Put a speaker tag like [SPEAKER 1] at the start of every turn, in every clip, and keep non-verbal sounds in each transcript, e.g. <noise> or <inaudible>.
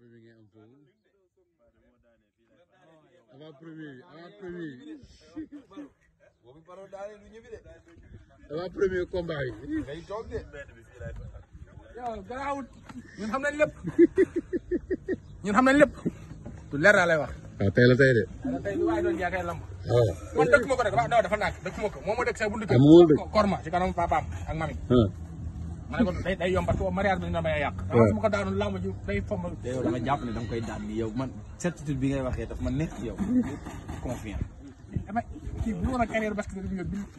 [SPEAKER 1] bi mi ngi am foofu avant premier bi avant premier bi avant premier combat yi. yow garaawut ñun xam nañ lépp ñun xam nañ lépp du leer laa lay wax. waaw ah, tey la tey de. tey lu waay doon yaakaar lamb. Ah, waaw man dëkk ma ko rek waaw dafa naag dëkk ma ko moom moo dëkk say buntu kër. korma ci kanam papaam ak mami. Ah. ma ne ko day day yombat ko mariage bi dina may yàq. waaw su ma ko daanoon làmb ji day fomm. te yow da nga jàpp ne da koy daan ni yow man certitude bi ngay waxee daf ma nekk yow. confiant. kii bu woon ak carrière parce que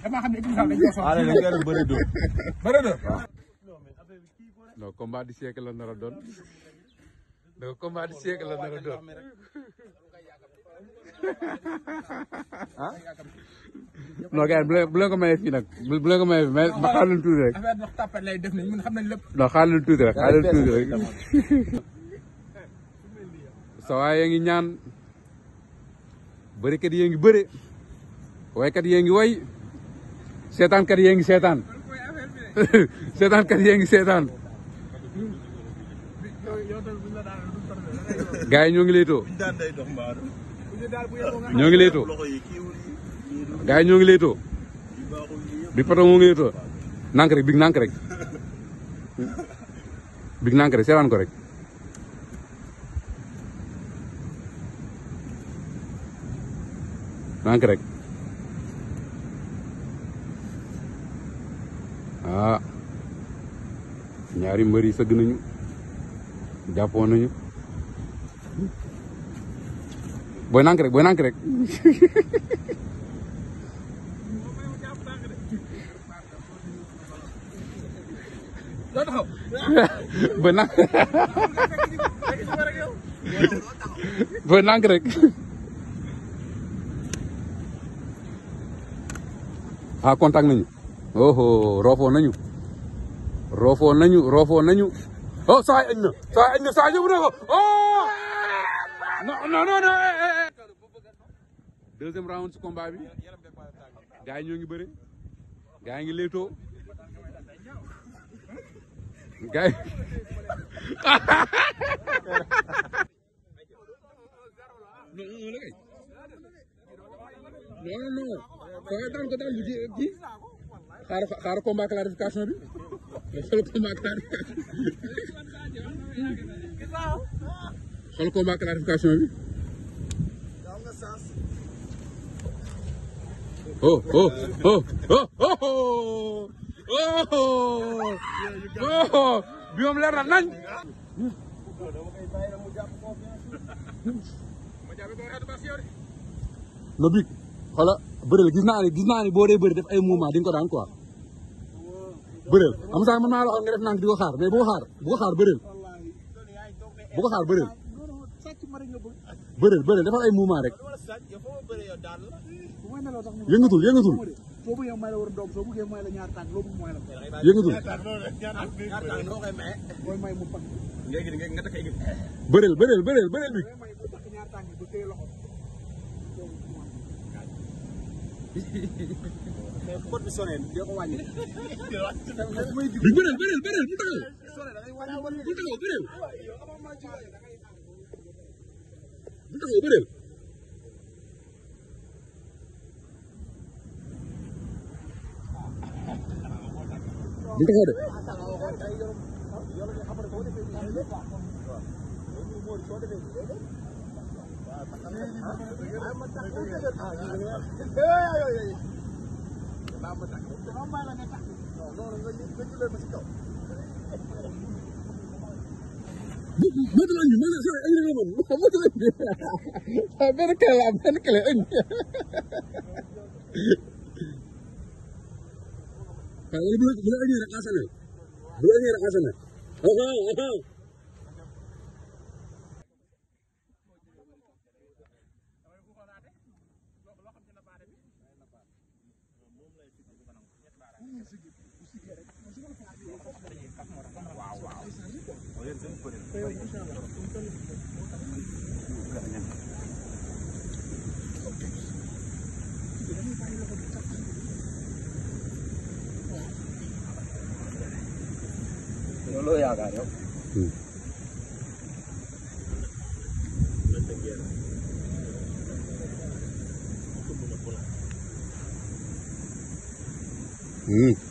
[SPEAKER 1] damaa xam ne émission dañ koy la nar a la nar non gars bu leen ko mayee fii nag bu leen ko mayee fii mais xaaral rek. affaire wax tàppale rek xaaral leen rek. sa waay yaa ngi ñaan bërikat yaa ngi bëre waykat yaa ngi way seetaankat yaa ngi seetaan <laughs> ngi ngi ngi gaay yi ñoo ngi itu, bi pato mo ngi leetoo nank rek big nank rek big nank rek seetaan ko rek nank rek ah ñaari mbeuri seug nañu nañu boy nank rek boy nank rek <laughs> <laughs> ba nang ba nang rek ah nañu oho roofoo nañu roofoo nañu roofoo nañu oh saa añ na saa añ na saa yóbbu na ko oh non non non deuxième round ci bëre gars yi ngi Okay. no, no, no, no, no, no. Kaya daan ko daan liggéey ak kii xaar xaar combat clarification bi xool combat clarification xool combat clarification bi oh oh oh oh oh oh oh bi gis naa ne gis naa ne boo def ay mouvement di nga ko daan quoi bëreel am saa mën naa la wax nga def nang di xaar mais bu xaar bu xaar bëreel bu xaar bëreel bëreel bëreel ay mouvement rek yëngatul yëngatul. boo bëggee may la war a doom soo bëggee may la ñaar tànk loo bëgg may la ko. yëngatu ñaar tànk noo koy maye. booy may mu pàcc. léegi léegi nga takk ay bëreel bëreel bëreel bëreel bi. mais bu code bi sonné dee ko wàññi. bi bëreel bëreel bëreel mu taxaw. mu taxaw bëreel. mu taxaw bëreel. di taxaw de Betul ini, mana saya ini pun, betul ini. Berkelah, berkelah ini. wala bu la ëñee rek xasanal bu la बोलो याद आ रहे हो हम्म, हम्म।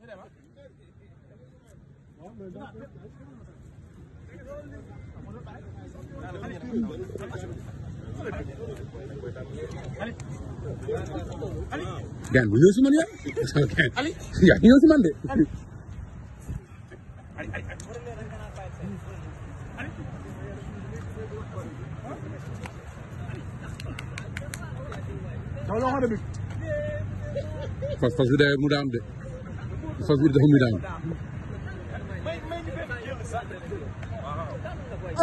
[SPEAKER 1] Dan, will you see money? Okay. Yeah, he was Monday. Pas pas wieder Mutter am Ding. التصوير دهم يدعم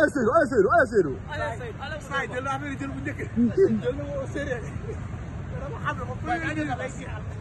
[SPEAKER 1] اسيرو اسيرو اسيرو انا سيد انا سيد